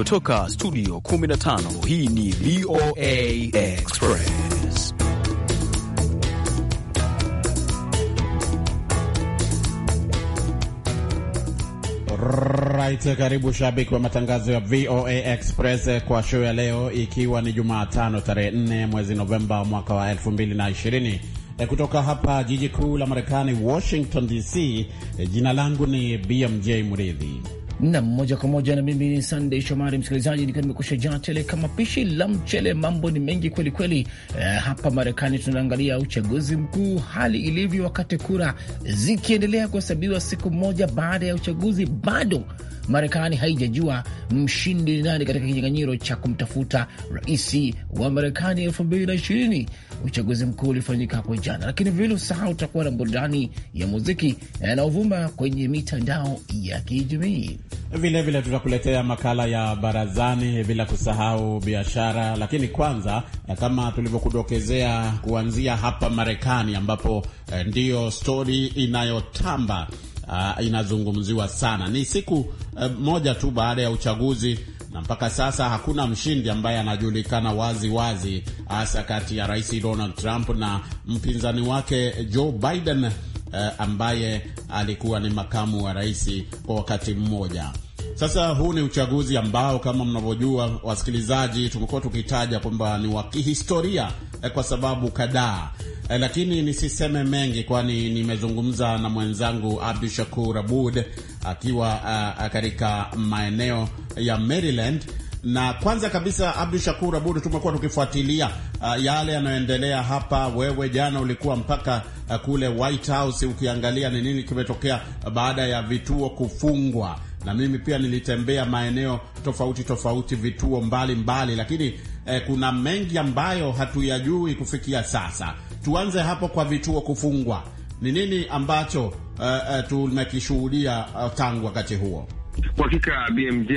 Kutoka studio 15 hii ni VOA Express. Right, karibu shabiki wa matangazo ya VOA Express kwa show ya leo, ikiwa ni Jumatano tarehe 4 mwezi Novemba mwaka wa 2020 eh, kutoka hapa jiji kuu la Marekani, Washington DC. Eh, jina langu ni BMJ mridhi Nam moja kwa moja na mimi ni Sunday Shomari, msikilizaji, nikiwa nimekusha jaa tele kama pishi la mchele. Mambo ni mengi kwelikweli kweli. Eh, hapa Marekani tunaangalia uchaguzi mkuu, hali ilivyo wakati kura zikiendelea kuhesabiwa siku moja baada ya uchaguzi. Bado Marekani haijajua mshindi ni nani katika kinyang'anyiro cha kumtafuta rais wa Marekani elfu mbili na ishirini. Uchaguzi mkuu ulifanyika hapo jana, lakini vile usahau, utakuwa na burudani ya muziki eh, uvuma kwenye mitandao ya kijamii. Vilevile tutakuletea makala ya barazani bila kusahau biashara, lakini kwanza, eh, kama tulivyokudokezea, kuanzia hapa Marekani ambapo eh, ndiyo stori inayotamba ah, inazungumziwa sana. Ni siku eh, moja tu baada ya uchaguzi na mpaka sasa hakuna mshindi ambaye anajulikana wazi wazi, hasa kati ya Rais Donald Trump na mpinzani wake Joe Biden uh, ambaye alikuwa ni makamu wa rais kwa wakati mmoja. Sasa huu ni uchaguzi ambao kama mnavyojua wasikilizaji, tumekuwa tukitaja kwamba ni wa kihistoria eh, kwa sababu kadhaa eh, lakini nisiseme mengi, kwani nimezungumza na mwenzangu Abdu Shakur Abud akiwa uh, katika maeneo ya Maryland na kwanza kabisa, Abdu Shakur Abud, tumekuwa tukifuatilia uh, yale yanayoendelea hapa. Wewe jana ulikuwa mpaka uh, kule White House ukiangalia ni nini kimetokea baada ya vituo kufungwa, na mimi pia nilitembea maeneo tofauti tofauti, vituo mbalimbali mbali, lakini eh, kuna mengi ambayo hatuyajui kufikia sasa. Tuanze hapo kwa vituo kufungwa, ni nini ambacho uh, uh, tumekishuhudia uh, tangu wakati huo? Kwa hakika BMJ,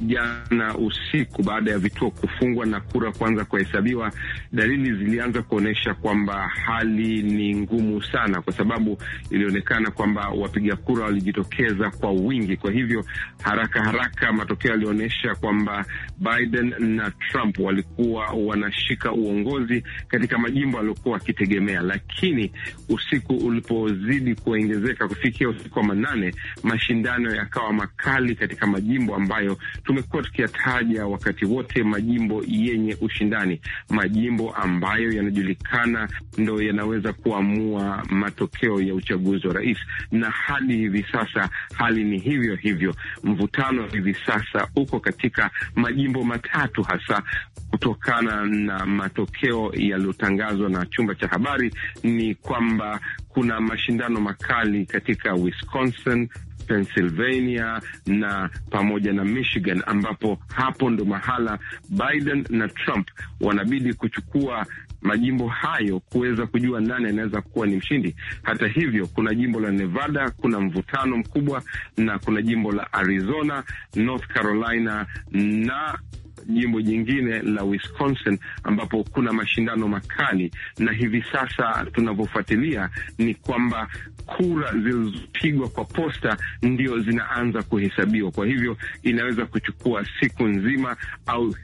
jana usiku baada ya vituo kufungwa na kura kuanza kuhesabiwa, dalili zilianza kuonyesha kwamba hali ni ngumu sana, kwa sababu ilionekana kwamba wapiga kura walijitokeza kwa wingi. Kwa hivyo haraka haraka matokeo yalionyesha kwamba Biden na Trump walikuwa wanashika uongozi katika majimbo waliokuwa wakitegemea, lakini usiku ulipozidi kuongezeka kufikia usiku wa manane, mashindano yakawa makali kali katika majimbo ambayo tumekuwa tukiyataja wakati wote, majimbo yenye ushindani, majimbo ambayo yanajulikana ndo yanaweza kuamua matokeo ya uchaguzi wa rais. Na hadi hivi sasa hali ni hivyo hivyo. Mvutano hivi sasa uko katika majimbo matatu hasa kutokana na matokeo yaliyotangazwa na chumba cha habari, ni kwamba kuna mashindano makali katika Wisconsin, Pennsylvania na pamoja na Michigan, ambapo hapo ndo mahala Biden na Trump wanabidi kuchukua majimbo hayo kuweza kujua nani anaweza kuwa ni mshindi. Hata hivyo, kuna jimbo la Nevada, kuna mvutano mkubwa, na kuna jimbo la Arizona, North Carolina na jimbo jingine la Wisconsin ambapo kuna mashindano makali, na hivi sasa tunavyofuatilia ni kwamba kura zilizopigwa kwa posta ndio zinaanza kuhesabiwa. Kwa hivyo inaweza kuchukua siku nzima au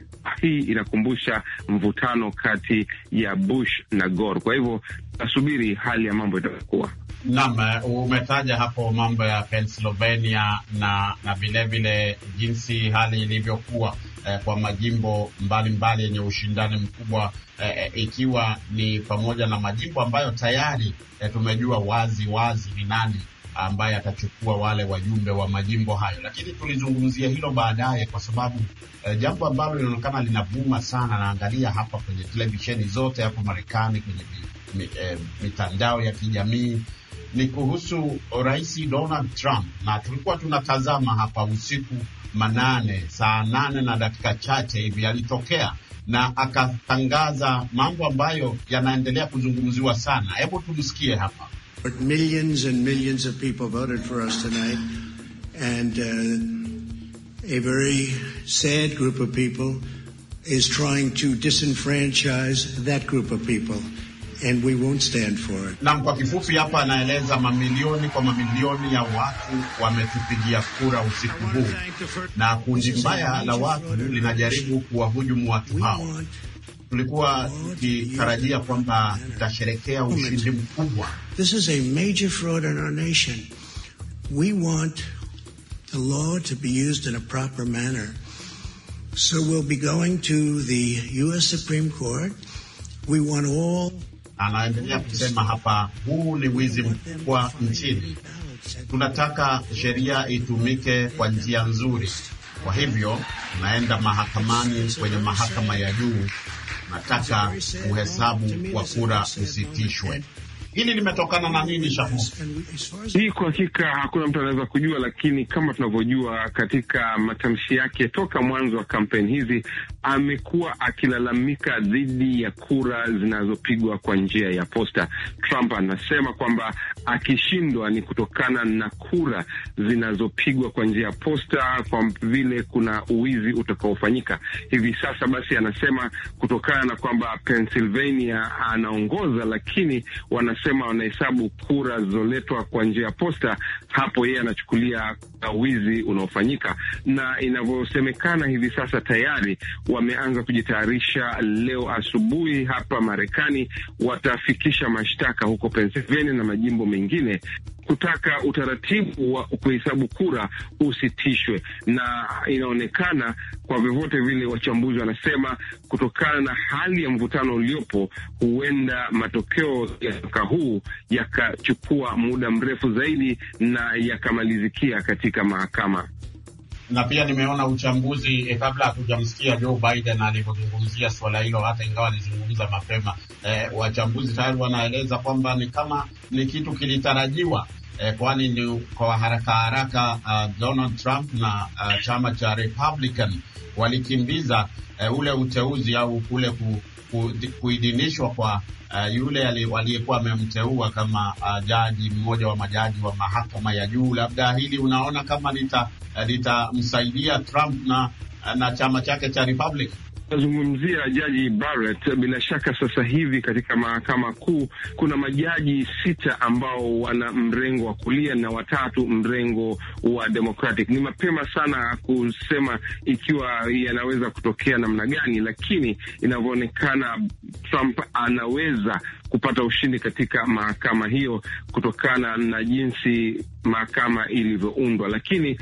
hii inakumbusha mvutano kati ya Bush na Gore. Kwa hivyo tunasubiri hali ya mambo itakuwa. Naam, eh, umetaja hapo mambo ya Pennsylvania na na vilevile jinsi hali ilivyokuwa eh, kwa majimbo mbalimbali yenye mbali ushindani mkubwa eh, eh, ikiwa ni pamoja na majimbo ambayo tayari eh, tumejua wazi wazi ni nani ambaye atachukua wale wajumbe wa majimbo hayo, lakini tulizungumzia hilo baadaye, kwa sababu eh, jambo ambalo linaonekana linavuma sana, naangalia hapa kwenye televisheni zote hapo Marekani, kwenye eh, mitandao ya kijamii ni kuhusu Rais Donald Trump, na tulikuwa tunatazama hapa usiku manane, saa nane na dakika chache hivi alitokea na akatangaza mambo ambayo yanaendelea kuzungumziwa sana. Hebu tumsikie hapa. But millions and millions of people voted for us tonight and uh, a very sad group of people is trying to disenfranchise that group of people and we won't stand for it. Na kwa kifupi hapa anaeleza mamilioni kwa mamilioni ya watu wametupigia kura usiku huu, na kundi mbaya la watu linajaribu kuwahujumu watu hao. Tulikuwa tukitarajia kwamba tutasherekea ushindi mkubwa. This is a major fraud in our nation. We want the law to be used in a proper manner. So we'll be going to the U.S. Supreme Court. We want all anaendelea kusema hapa, huu ni wizi mkubwa nchini. Tunataka sheria itumike kwa njia nzuri. Kwa hivyo tunaenda mahakamani, kwenye mahakama ya juu. Nataka uhesabu wa kura usitishwe. Hili limetokana na nini Shamus? Hii kwa hakika hakuna mtu anaweza kujua, lakini kama tunavyojua katika matamshi yake toka mwanzo wa kampeni hizi amekuwa akilalamika dhidi ya kura zinazopigwa kwa njia ya posta. Trump anasema kwamba akishindwa ni kutokana na kura zinazopigwa kwa njia ya posta, kwa vile kuna uwizi utakaofanyika hivi sasa. Basi anasema kutokana na kwamba Pennsylvania anaongoza, lakini wana anasema wanahesabu kura zilizoletwa kwa njia ya posta, hapo yeye anachukulia wizi unaofanyika, na inavyosemekana hivi sasa tayari wameanza kujitayarisha. Leo asubuhi hapa Marekani watafikisha mashtaka huko Pennsylvania na majimbo mengine kutaka utaratibu wa kuhesabu kura usitishwe, na inaonekana kwa vyovyote vile, wachambuzi wanasema kutokana na hali ya mvutano uliopo, huenda matokeo ya mwaka huu yakachukua muda mrefu zaidi na yakamalizikia katika mahakama na pia nimeona uchambuzi eh, kabla hatujamsikia Joe Biden alivyozungumzia suala hilo, hata ingawa alizungumza mapema eh, wachambuzi tayari wanaeleza kwamba ni kama ni kitu kilitarajiwa eh, kwani ni kwa haraka haraka uh, Donald Trump na uh, chama cha Republican walikimbiza uh, ule uteuzi au kule ku, ku, kuidhinishwa kwa uh, yule aliyekuwa amemteua kama uh, jaji mmoja wa majaji wa mahakama ya juu. Labda hili unaona kama litamsaidia uh, Trump na, na chama chake cha Republican. Nazungumzia Jaji Barrett. Bila shaka sasa hivi katika mahakama kuu kuna majaji sita ambao wana mrengo wa kulia na watatu mrengo wa Democratic. Ni mapema sana kusema ikiwa yanaweza kutokea namna gani, lakini inavyoonekana Trump anaweza kupata ushindi katika mahakama hiyo kutokana na jinsi mahakama ilivyoundwa, lakini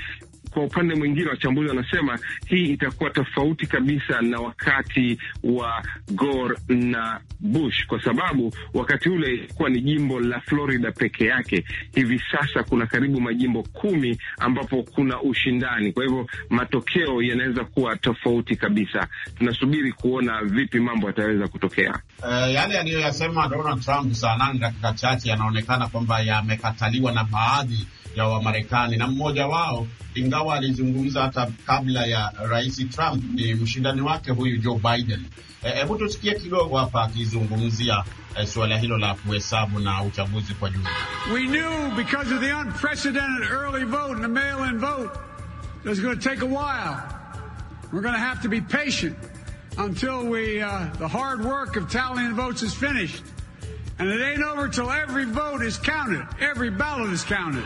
kwa upande mwingine, wachambuzi wanasema hii itakuwa tofauti kabisa na wakati wa Gore na Bush, kwa sababu wakati ule ilikuwa ni jimbo la Florida peke yake. Hivi sasa kuna karibu majimbo kumi ambapo kuna ushindani, kwa hivyo matokeo yanaweza kuwa tofauti kabisa. Tunasubiri kuona vipi mambo yataweza kutokea. Uh, yale yaliyoyasema Donald Trump saa nane dakika chache yanaonekana kwamba yamekataliwa na baadhi ya Wamarekani, na mmoja wao ingawa alizungumza hata kabla ya Rais Trump ni mshindani wake huyu Joe Biden. Hebu e, tusikie kidogo hapa akizungumzia e, suala hilo la kuhesabu na uchaguzi kwa jumla. We knew because of the unprecedented early vote and the mail-in vote that it's going to take a while. We're going to have to be patient until we uh, the hard work of tallying votes is finished. And it ain't over till every vote is counted. Every ballot is counted.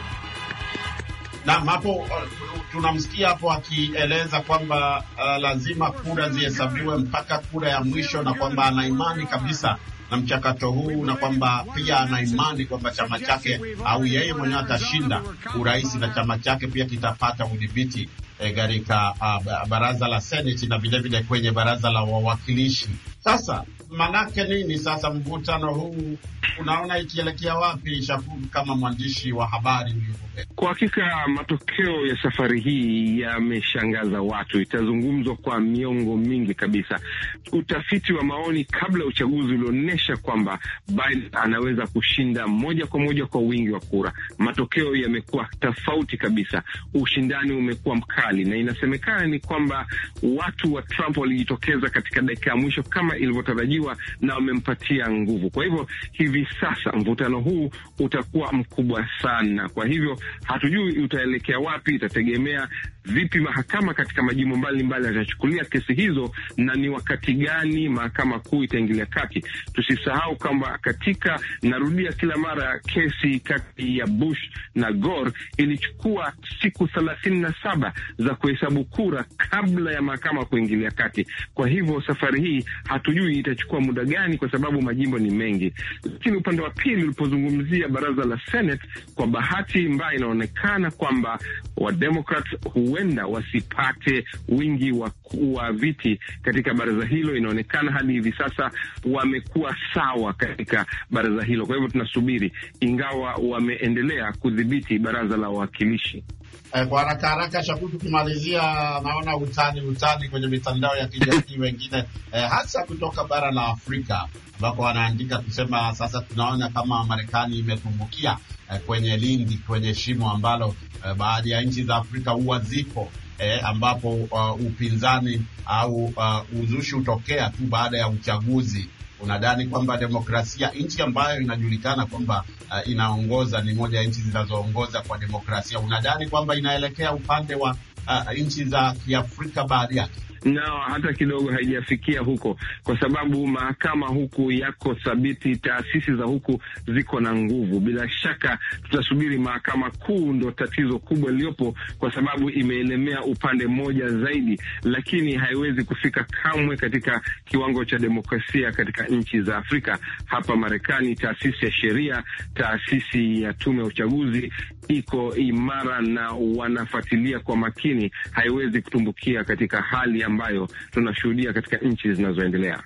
Naam, hapo uh, tunamsikia hapo akieleza kwamba uh, lazima kura zihesabiwe mpaka kura ya mwisho, na kwamba ana imani kabisa na mchakato huu, na kwamba pia ana imani kwamba chama chake au yeye mwenyewe atashinda urais na chama chake pia kitapata udhibiti eh, katika e, uh, baraza la Seneti na vilevile kwenye baraza la wawakilishi. Sasa manake nini sasa mvutano huu unaona ikielekea wapi, Shakuru, kama mwandishi wa habari ulivyobea? Kwa hakika matokeo ya safari hii yameshangaza watu, itazungumzwa kwa miongo mingi kabisa. Utafiti wa maoni kabla ya uchaguzi ulionyesha kwamba Biden anaweza kushinda moja kwa moja kwa wingi wa kura. Matokeo yamekuwa tofauti kabisa, ushindani umekuwa mkali, na inasemekana ni kwamba watu wa Trump walijitokeza katika dakika ya mwisho kama ilivyotarajiwa amevutiwa na wamempatia nguvu. Kwa hivyo hivi sasa mvutano huu utakuwa mkubwa sana. Kwa hivyo hatujui utaelekea wapi, itategemea vipi mahakama katika majimbo mbalimbali yatachukulia kesi hizo na ni wakati gani mahakama kuu itaingilia kati. Tusisahau kwamba katika, narudia kila mara, kesi kati ya Bush na Gore ilichukua siku thelathini na saba za kuhesabu kura kabla ya mahakama kuingilia kati. Kwa hivyo safari hii hatujui itachukua muda gani, kwa sababu majimbo ni mengi. Lakini upande wa pili, ulipozungumzia baraza la Senate, kwa bahati mbaya inaonekana kwamba Wademokrat huenda wasipate wingi wa, kuwa viti katika baraza hilo. Inaonekana hadi hivi sasa wamekuwa sawa katika baraza hilo, kwa hivyo tunasubiri, ingawa wameendelea kudhibiti baraza la wawakilishi. Eh, kwa haraka haraka Shakutu, kumalizia, naona utani utani kwenye mitandao ya kijamii wengine eh, hasa kutoka bara la Afrika ambako wanaandika kusema sasa tunaona kama Marekani imetumbukia eh, kwenye lindi kwenye shimo ambalo eh, baadhi ya nchi za Afrika huwa zipo eh, ambapo uh, upinzani au uh, uzushi hutokea tu baada ya uchaguzi unadhani kwamba demokrasia, nchi ambayo inajulikana kwamba uh, inaongoza ni moja ya nchi zinazoongoza kwa demokrasia, unadhani kwamba inaelekea upande wa uh, nchi za Kiafrika baadhi yake? na hata kidogo haijafikia huko, kwa sababu mahakama huku yako thabiti, taasisi za huku ziko na nguvu. Bila shaka tutasubiri mahakama kuu, ndo tatizo kubwa liliyopo, kwa sababu imeelemea upande mmoja zaidi, lakini haiwezi kufika kamwe katika kiwango cha demokrasia katika nchi za Afrika. Hapa Marekani, taasisi ya sheria, taasisi ya tume ya uchaguzi iko imara na wanafuatilia kwa makini, haiwezi kutumbukia katika hali ambayo tunashuhudia katika nchi zinazoendelea.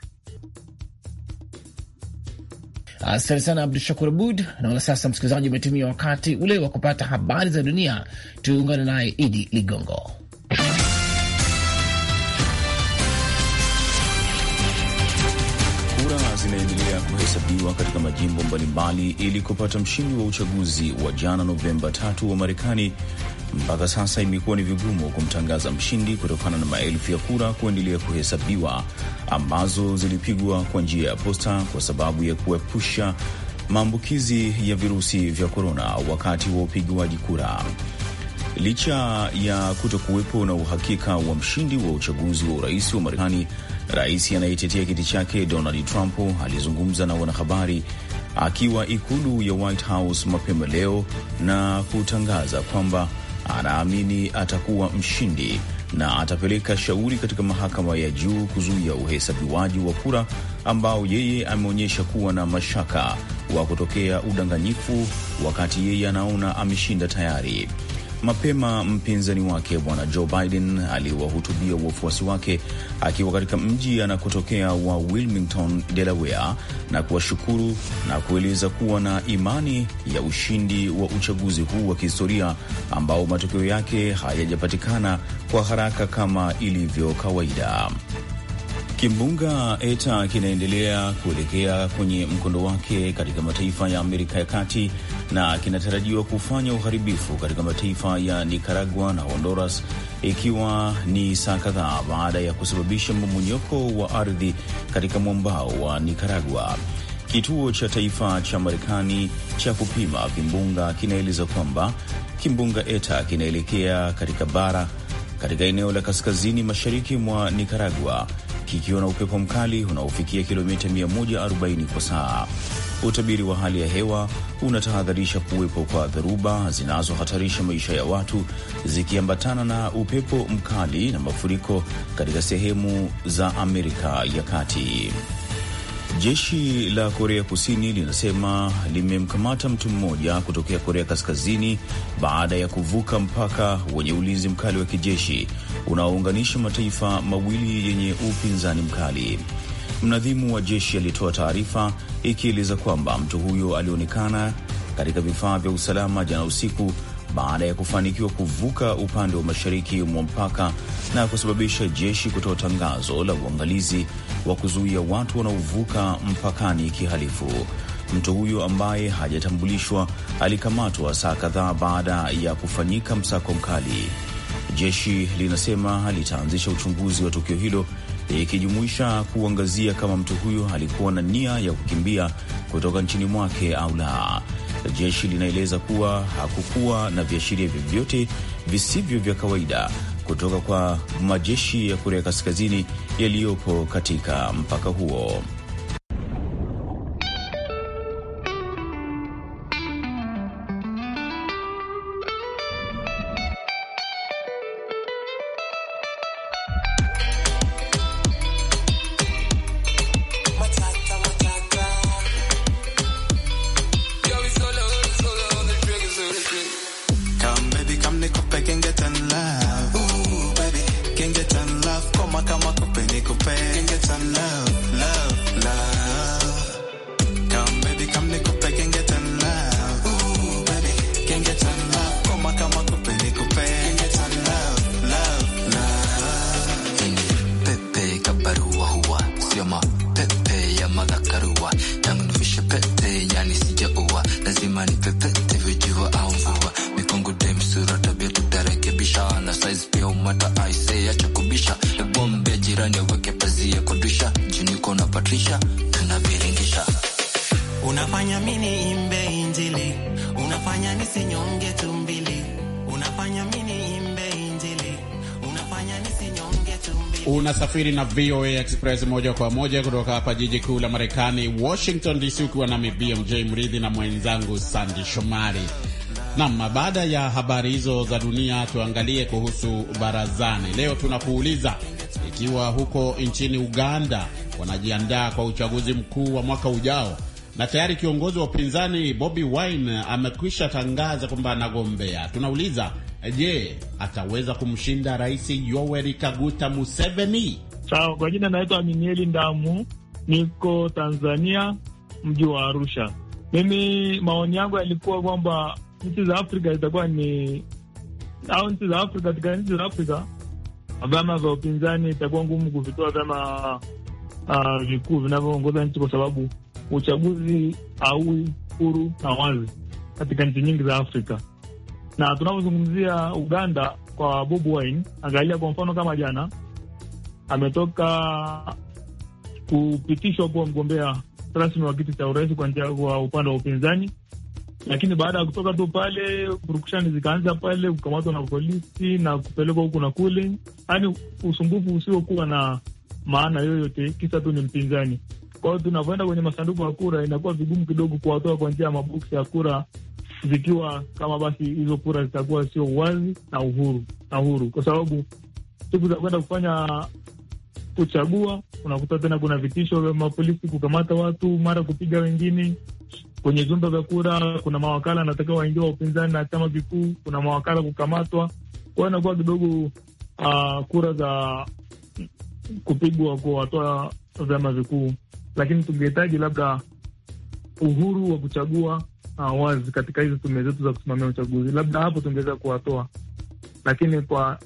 Asante sana Abdu Shakur Abud. Naona sasa, msikilizaji, umetumia wakati ule wa kupata habari za dunia. Tuungane naye Idi Ligongo. katika majimbo mbalimbali ili kupata mshindi wa uchaguzi wa jana Novemba tatu wa Marekani, mpaka sasa imekuwa ni vigumu kumtangaza mshindi kutokana na maelfu ya kura kuendelea kuhesabiwa ambazo zilipigwa kwa njia ya posta kwa sababu ya kuepusha maambukizi ya virusi vya korona wakati wa upigiwaji kura. Licha ya kuto kuwepo na uhakika wa mshindi wa uchaguzi wa urais wa Marekani, rais anayetetea kiti chake Donald Trump alizungumza na wanahabari akiwa ikulu ya White House mapema leo na kutangaza kwamba anaamini atakuwa mshindi na atapeleka shauri katika mahakama ya juu kuzuia uhesabiwaji wa kura ambao yeye ameonyesha kuwa na mashaka wa kutokea udanganyifu, wakati yeye anaona ameshinda tayari. Mapema mpinzani wake bwana Joe Biden aliwahutubia wafuasi wake akiwa katika mji anakotokea wa Wilmington, Delaware, na kuwashukuru na kueleza kuwa na imani ya ushindi wa uchaguzi huu wa kihistoria ambao matokeo yake hayajapatikana kwa haraka kama ilivyo kawaida. Kimbunga Eta kinaendelea kuelekea kwenye mkondo wake katika mataifa ya Amerika ya Kati na kinatarajiwa kufanya uharibifu katika mataifa ya nikaragua na Honduras, ikiwa ni saa kadhaa baada ya kusababisha mmomonyoko wa ardhi katika mwambao wa nikaragua Kituo cha taifa cha Marekani cha kupima vimbunga kinaeleza kwamba kimbunga Eta kinaelekea katika bara katika eneo la kaskazini mashariki mwa nikaragua kikiwa na upepo mkali unaofikia kilomita 140 kwa saa. Utabiri wa hali ya hewa unatahadharisha kuwepo kwa dharuba zinazohatarisha maisha ya watu zikiambatana na upepo mkali na mafuriko katika sehemu za Amerika ya Kati. Jeshi la Korea Kusini linasema limemkamata mtu mmoja kutokea Korea Kaskazini baada ya kuvuka mpaka wenye ulinzi mkali wa kijeshi unaounganisha mataifa mawili yenye upinzani mkali. Mnadhimu wa jeshi alitoa taarifa ikieleza kwamba mtu huyo alionekana katika vifaa vya usalama jana usiku baada ya kufanikiwa kuvuka upande wa mashariki mwa mpaka na kusababisha jeshi kutoa tangazo la uangalizi wa kuzuia watu wanaovuka mpakani kihalifu. Mtu huyo ambaye hajatambulishwa alikamatwa saa kadhaa baada ya kufanyika msako mkali. Jeshi linasema litaanzisha uchunguzi wa tukio hilo ikijumuisha kuangazia kama mtu huyo alikuwa na nia ya kukimbia kutoka nchini mwake au la. Jeshi linaeleza kuwa hakukuwa na viashiria vyovyote visivyo vya kawaida kutoka kwa majeshi ya Korea Kaskazini yaliyopo katika mpaka huo. Injili, unafanya nisinyonge tumbili, unafanya Injili, unafanya nisinyonge tumbili. Unasafiri na VOA Express moja kwa moja kutoka hapa jiji kuu la Marekani, Washington DC, ukiwa nami BMJ Mridhi na mwenzangu Sandi Shomari. Nam, baada ya habari hizo za dunia, tuangalie kuhusu barazani. Leo tunakuuliza ikiwa huko nchini Uganda wanajiandaa kwa uchaguzi mkuu wa mwaka ujao, na tayari kiongozi wa upinzani Bobi Wine amekwisha tangaza kwamba anagombea. Tunauliza, je, ataweza kumshinda Rais Yoweri Kaguta Museveni? Sawa, kwa jina naitwa aminieli Ndamu, niko Tanzania, mji wa Arusha. Mimi maoni yangu yalikuwa kwamba nchi za Afrika itakuwa ni au nchi za Afrika, katika nchi za Afrika vyama vya upinzani itakuwa ngumu kuvitoa vyama uh, vikuu vinavyoongoza nchi kwa sababu uchaguzi aui huru na wazi katika nchi nyingi za Afrika. Na tunavyozungumzia Uganda kwa Bobi Wine, angalia kwa mfano kama jana ametoka kupitishwa kuwa mgombea rasmi wa kiti cha urais kwa njia kwa upande wa upinzani, lakini baada ya kutoka tu pale purukushani zikaanza pale, kukamatwa na polisi na kupelekwa huku na kule, yaani usumbufu usiokuwa na maana yoyote, kisa tu ni mpinzani. Kwa hiyo tunavyoenda kwenye masanduku ya kura, inakuwa vigumu kidogo kuwatoa kwa njia ya maboksi ya kura, zikiwa kama basi hizo kura zitakuwa sio uwazi na uhuru na uhuru, kwa sababu siku za kwenda kufanya kuchagua unakuta tena kuna vitisho vya mapolisi kukamata watu, mara kupiga wengine kwenye vyumba vya kura. Kuna mawakala anataka waingia wa upinzani na chama kikuu, kuna mawakala kukamatwa. Kwa hiyo inakuwa kidogo uh, kura za kupigwa kuwatoa vyama vikuu lakini tungehitaji labda uhuru wa kuchagua uh, wazi katika hizi tume zetu za kusimamia uchaguzi, labda hapo tungeweza kuwatoa. Lakini kwa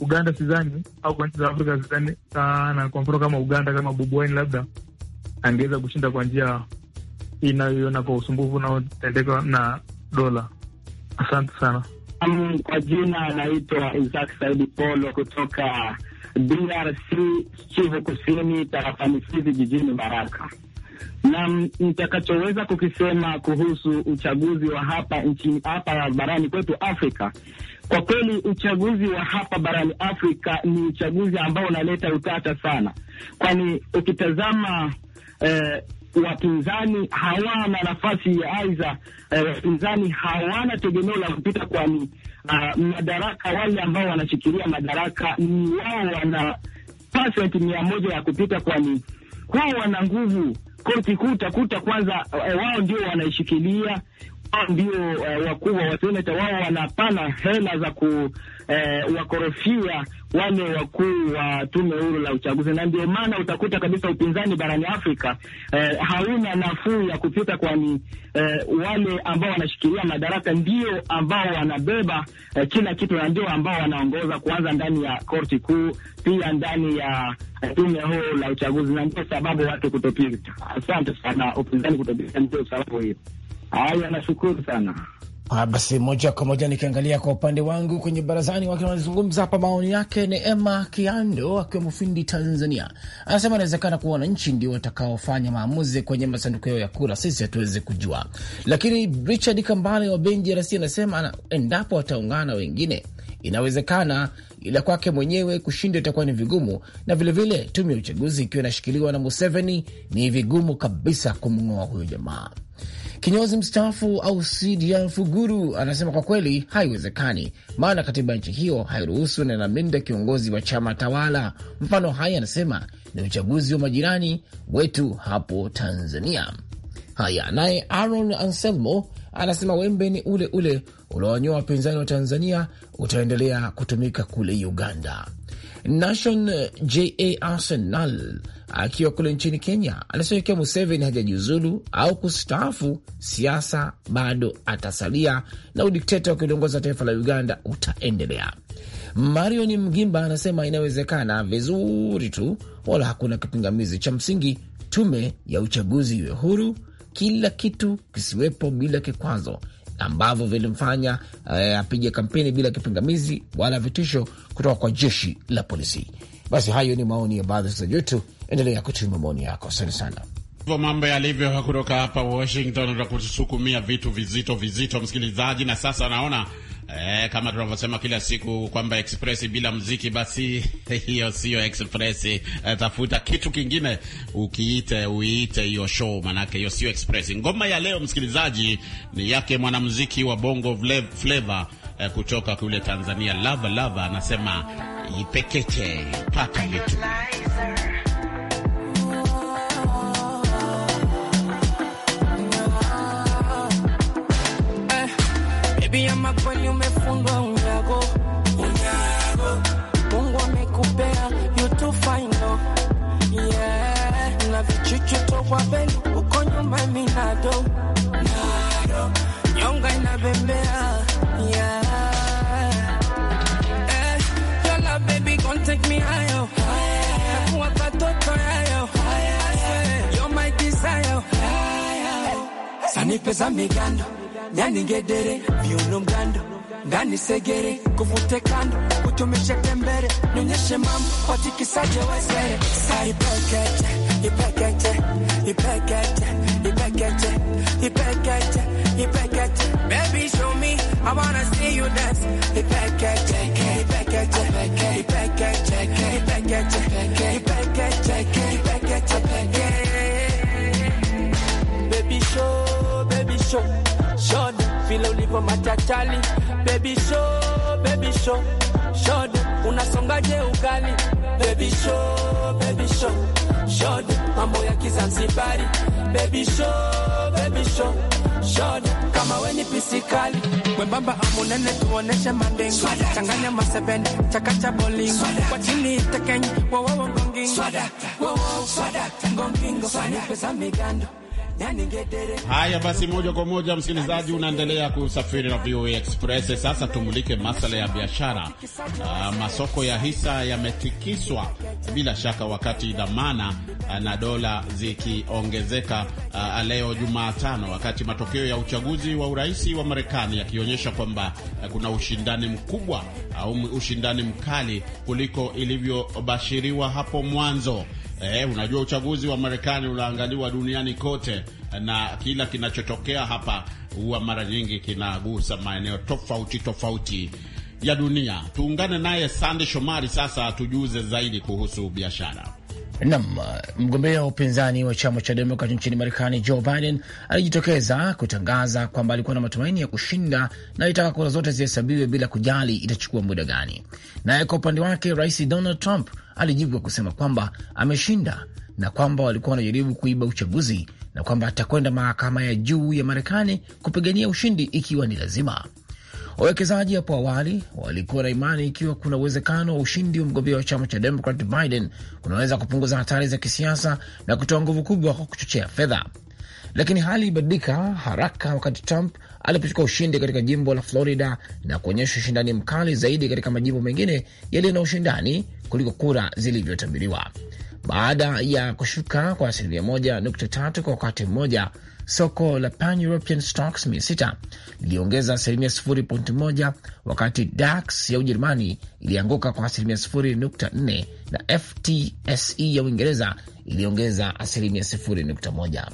Uganda sidhani, au kwa nchi za Afrika sidhani sana. Kwa mfano kama Uganda, kama Bobi labda angeweza kushinda kwa njia inayoiona kwa usumbufu unaotendeka na dola. Asante sana. Um, kwa jina anaitwa Isaac Saidi Polo kutoka DRC Kivu Kusini, tarafani Fizi, jijini Baraka. Na nitakachoweza kukisema kuhusu uchaguzi wa hapa nchini hapa barani kwetu Afrika, kwa kweli uchaguzi wa hapa barani Afrika ni uchaguzi ambao unaleta utata sana, kwani ukitazama eh, wapinzani hawana nafasi ya aidha, eh, wapinzani hawana tegemeo la kupita, kwani uh, madaraka wale ambao wanashikilia madaraka ni wao wana pasenti mia moja ya kupita, kwani wao wana nguvu. Koti kuu utakuta kwanza e, wao ndio wanaishikilia, wao ndio e, wakubwa wa seneta, wao wanapana hela za ku eh, wakorofia wale wakuu wa tume huru la uchaguzi, na ndio maana utakuta kabisa upinzani barani Afrika eh, hauna nafuu ya kupita, kwani eh, wale ambao wanashikilia madaraka ndio ambao wanabeba eh, kila kitu na ndio ambao wanaongoza kuanza ndani ya korti kuu, pia ndani ya tume huru la uchaguzi, na ndio sababu watu kutopita. Asante sana upinzani kutopita, ndio sababu hiyo. Haya, nashukuru sana. Haya ah, basi, moja kwa moja nikiangalia kwa upande wangu kwenye barazani, wakiwa wanazungumza hapa. Maoni yake ni Emma Kiando akiwa Mufindi, Tanzania, anasema inawezekana kuwa wananchi ndio watakaofanya maamuzi kwenye masanduku yao ya kura, sisi hatuwezi kujua. Lakini Richard Kambale wa Benji RC anasema endapo wataungana wengine inawezekana, ila kwake mwenyewe kushinda itakuwa ni vigumu, na vilevile tume ya uchaguzi ikiwa inashikiliwa na Museveni, ni vigumu kabisa kumng'oa huyo jamaa. Kinyozi mstaafu Ausidia Fuguru anasema kwa kweli haiwezekani, maana katiba ya nchi hiyo hairuhusu na inaminda kiongozi wa chama tawala. Mfano haya anasema ni uchaguzi wa majirani wetu hapo Tanzania. Haya, naye Aaron Anselmo anasema wembe ni ule ule uliowanyoa wapinzani wa Tanzania utaendelea kutumika kule Uganda. Nation eh, Ja Arsenal akiwa kule nchini Kenya anasema ikiwa Museveni hajajiuzulu au kustaafu, siasa bado atasalia na udikteta wa kuliongoza taifa la Uganda utaendelea. Marion Mgimba anasema inawezekana vizuri tu, wala hakuna kipingamizi cha msingi. Tume ya uchaguzi iwe huru, kila kitu kisiwepo bila kikwazo, ambavyo vilimfanya eh, apige kampeni bila kipingamizi wala vitisho kutoka kwa jeshi la polisi. Basi hayo ni maoni ya baadhi ya wasikilizaji wetu. Endelea kutuma maoni yako, asante sana. Hivyo mambo yalivyo kutoka hapa Washington, takusukumia vitu vizito vizito, msikilizaji. Na sasa naona Eh, kama tunavyosema kila siku kwamba express bila mziki basi hiyo siyo express. Eh, tafuta kitu kingine ukiite uiite hiyo show, manake hiyo sio express. Ngoma ya leo msikilizaji, ni yake mwanamziki wa bongo flavor eh, kutoka kule Tanzania, Lava Lava anasema ipekeche pata yetu Mama, kwani umefundwa unyago? Unyago Mungu amekupea you to find out yeah, na vichuchu tokwa beli uko nyuma minado nado nyonga inabembea yeah, eh, lala baby gon take me higher nakuwa katoto yayo you're my desire sanipe za migando nani viuno mgando ndani segere kuvute kando kutumishe tembere nyonyeshe mambo watikisaje wezere sa ipekete ipekete ipekete ipekete ipekete baby show me I wanna see you dance ipekete ipekete ipekete ipekete ipekete ipekete baby show baby show shode vile ulivyo machachali baby show baby show shode unasongaje ukali baby show baby show shode mambo ya Kizanzibari baby show baby show shode kama weni pisikali mwembamba amunene tuoneshe mandengo changanya masebene chakacha bolingo kwa chini tekenyi wowowo ngongingo wowowo ngongingo pesa migando Haya basi, moja kwa moja msikilizaji, unaendelea kusafiri na VOA Express. Sasa tumulike masala ya biashara. Uh, masoko ya hisa yametikiswa bila shaka, wakati dhamana uh, na dola zikiongezeka uh, leo Jumatano, wakati matokeo ya uchaguzi wa urais wa Marekani yakionyesha kwamba uh, kuna ushindani mkubwa au uh, ushindani mkali kuliko ilivyobashiriwa hapo mwanzo eh, unajua uchaguzi wa Marekani unaangaliwa duniani kote, na kila kinachotokea hapa huwa mara nyingi kinagusa maeneo tofauti tofauti ya dunia. Tuungane naye Sande Shomari sasa atujuze zaidi kuhusu biashara. Nam, mgombea wa upinzani wa chama cha Demokrat nchini Marekani, Joe Biden alijitokeza kutangaza kwamba alikuwa na matumaini ya kushinda na alitaka kura zote zihesabiwe bila kujali itachukua muda gani. Naye kwa upande wake, Rais Donald Trump alijibu kwa kusema kwamba ameshinda na kwamba walikuwa wanajaribu kuiba uchaguzi na kwamba atakwenda mahakama ya juu ya Marekani kupigania ushindi ikiwa ni lazima. Wawekezaji hapo awali walikuwa na imani ikiwa kuna uwezekano wa ushindi wa mgombea wa chama cha Demokrat Biden unaweza kupunguza hatari za kisiasa na kutoa nguvu kubwa kwa kuchochea fedha, lakini hali ibadilika haraka wakati Trump alipochukua ushindi katika jimbo la Florida na kuonyesha ushindani mkali zaidi katika majimbo mengine yaliyo na ushindani kuliko kura zilivyotabiriwa baada ya kushuka kwa asilimia moja nukta tatu kwa wakati mmoja. Soko la Pan European Stocks sita liliongeza asilimia moja wakati DAX ya Ujerumani ilianguka kwa asilimia nne na FTSE ya Uingereza iliongeza asilimia moja.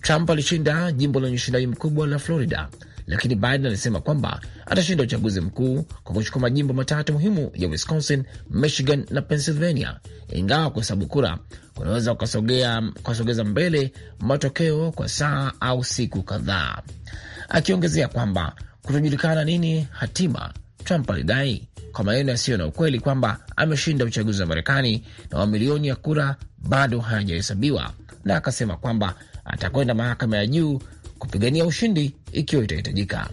Trump alishinda jimbo lenye ushindaji mkubwa la Florida lakini Biden alisema kwamba atashinda uchaguzi mkuu kwa kuchukua majimbo matatu muhimu ya Wisconsin, Michigan na Pennsylvania, ingawa kuhesabu kura kunaweza kukasogeza mbele matokeo kwa saa au siku kadhaa, akiongezea kwamba kutojulikana nini hatima. Trump alidai kwa maneno yasiyo na ukweli kwamba ameshinda uchaguzi wa Marekani na mamilioni ya kura bado hayajahesabiwa, na akasema kwamba atakwenda mahakama ya juu kupigania ushindi ikiwa itahitajika.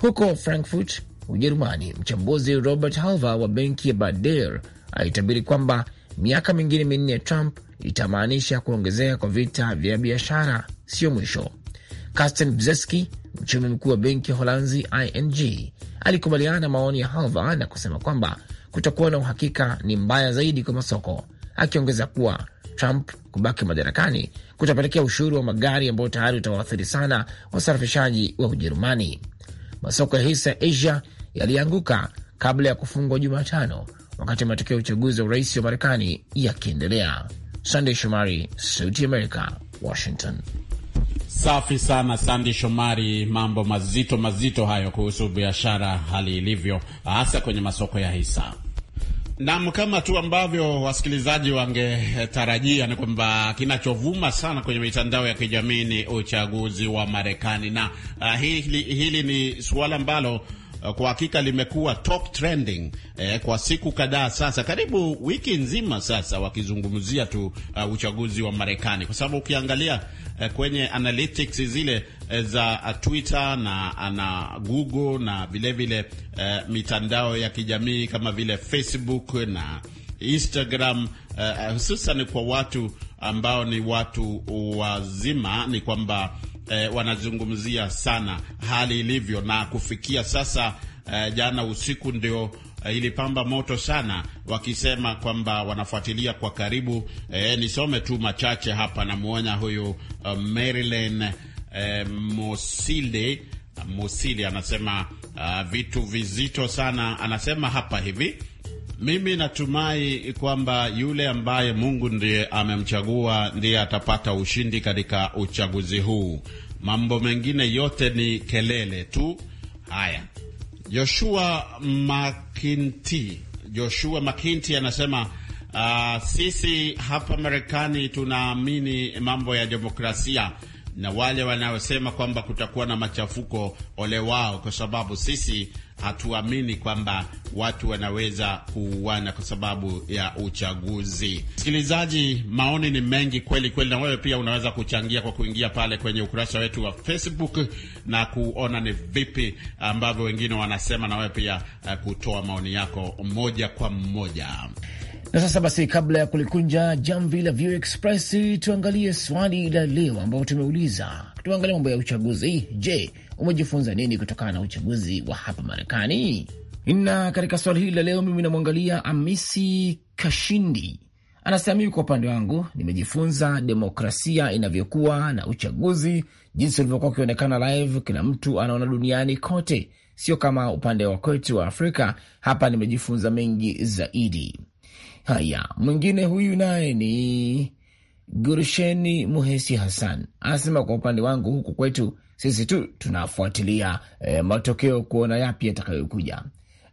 Huko Frankfurt, Ujerumani, mchambuzi Robert Halver wa benki ya Bader alitabiri kwamba miaka mingine minne ya Trump itamaanisha kuongezeka kwa vita vya biashara, sio mwisho. Carsten Bzeski, mchumi mkuu wa benki ya Holanzi ING, alikubaliana na maoni ya Halver na kusema kwamba kutokuwa na uhakika ni mbaya zaidi kwa masoko, akiongeza kuwa Trump kubaki madarakani kutapelekea ushuru wa magari ambao tayari utawaathiri sana wasafirishaji wa Ujerumani. Masoko ya hisa ya Asia yalianguka kabla ya kufungwa Jumatano, wakati matokeo ya uchaguzi wa urais wa Marekani yakiendelea. Sandey Shomari, Sauti America, Washington. Safi sana Sandi Shomari, mambo mazito mazito hayo kuhusu biashara, hali ilivyo hasa kwenye masoko ya hisa. Nam, kama tu ambavyo wasikilizaji wangetarajia ni kwamba kinachovuma sana kwenye mitandao ya kijamii ni uchaguzi wa Marekani na uh, hili, hili ni suala ambalo Eh, kwa hakika limekuwa top trending eh, kwa siku kadhaa sasa, karibu wiki nzima sasa, wakizungumzia tu uh, uchaguzi wa Marekani, kwa sababu ukiangalia eh, kwenye analytics zile eh, za eh, Twitter na na Google na vilevile eh, mitandao ya kijamii kama vile Facebook na Instagram eh, hususan kwa watu ambao ni watu wazima ni kwamba eh, wanazungumzia sana hali ilivyo, na kufikia sasa eh, jana usiku ndio eh, ilipamba moto sana, wakisema kwamba wanafuatilia kwa karibu. E, nisome tu machache hapa, namwona huyu uh, Marilyn eh, Mosile Mosile anasema uh, vitu vizito sana, anasema hapa hivi mimi natumai kwamba yule ambaye Mungu ndiye amemchagua ndiye atapata ushindi katika uchaguzi huu. Mambo mengine yote ni kelele tu. Haya, Joshua Makinti, Joshua Makinti anasema uh, sisi hapa Marekani tunaamini mambo ya demokrasia na wale wanaosema kwamba kutakuwa na machafuko ole wao, kwa sababu sisi hatuamini kwamba watu wanaweza kuuana kwa sababu ya uchaguzi. Msikilizaji, maoni ni mengi kweli kweli, na wewe pia unaweza kuchangia kwa kuingia pale kwenye ukurasa wetu wa Facebook na kuona ni vipi ambavyo wengine wanasema, na wewe pia eh, kutoa maoni yako moja kwa moja. Na sasa basi, kabla ya kulikunja jamvi la View Express, tuangalie swali la leo ambayo tumeuliza, tuangalie mambo ya uchaguzi. Je, umejifunza nini kutokana na uchaguzi wa hapa Marekani? Na katika swali hili la leo, mimi namwangalia Amisi Kashindi, anasema mimi kwa upande wangu nimejifunza demokrasia inavyokuwa na uchaguzi, jinsi ulivyokuwa ukionekana live, kila mtu anaona duniani kote, sio kama upande wa kwetu wa Afrika. Hapa nimejifunza mengi zaidi. Haya, mwingine huyu naye ni Gurusheni Muhesi Hassan anasema kwa upande wangu huku kwetu sisi tu tunafuatilia eh, matokeo kuona yapi yatakayokuja.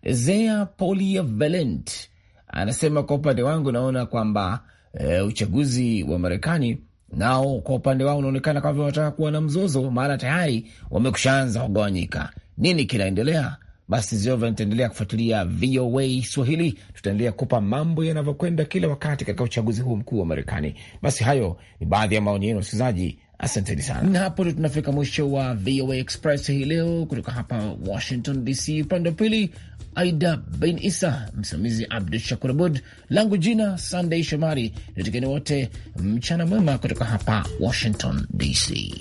Zea Polia Valent anasema kwa upande wangu naona kwamba eh, uchaguzi wa Marekani nao kwa upande wao unaonekana kama wanataka kuwa na mzozo, maana tayari wamekushaanza kugawanyika. Nini kinaendelea? Basi Zeova, nitaendelea kufuatilia VOA Swahili, tutaendelea kupa mambo yanavyokwenda kila wakati katika uchaguzi huu mkuu wa Marekani. Basi hayo ni baadhi ya maoni yenu wasikilizaji, Asanteni sana, na hapo ndio tunafika mwisho wa VOA Express hii leo, kutoka hapa Washington DC. Upande wa pili Aida Bin Isa, msimamizi Abdu Shakur Abud, langu jina Sandei Shomari. Natikeni wote mchana mwema kutoka hapa Washington DC.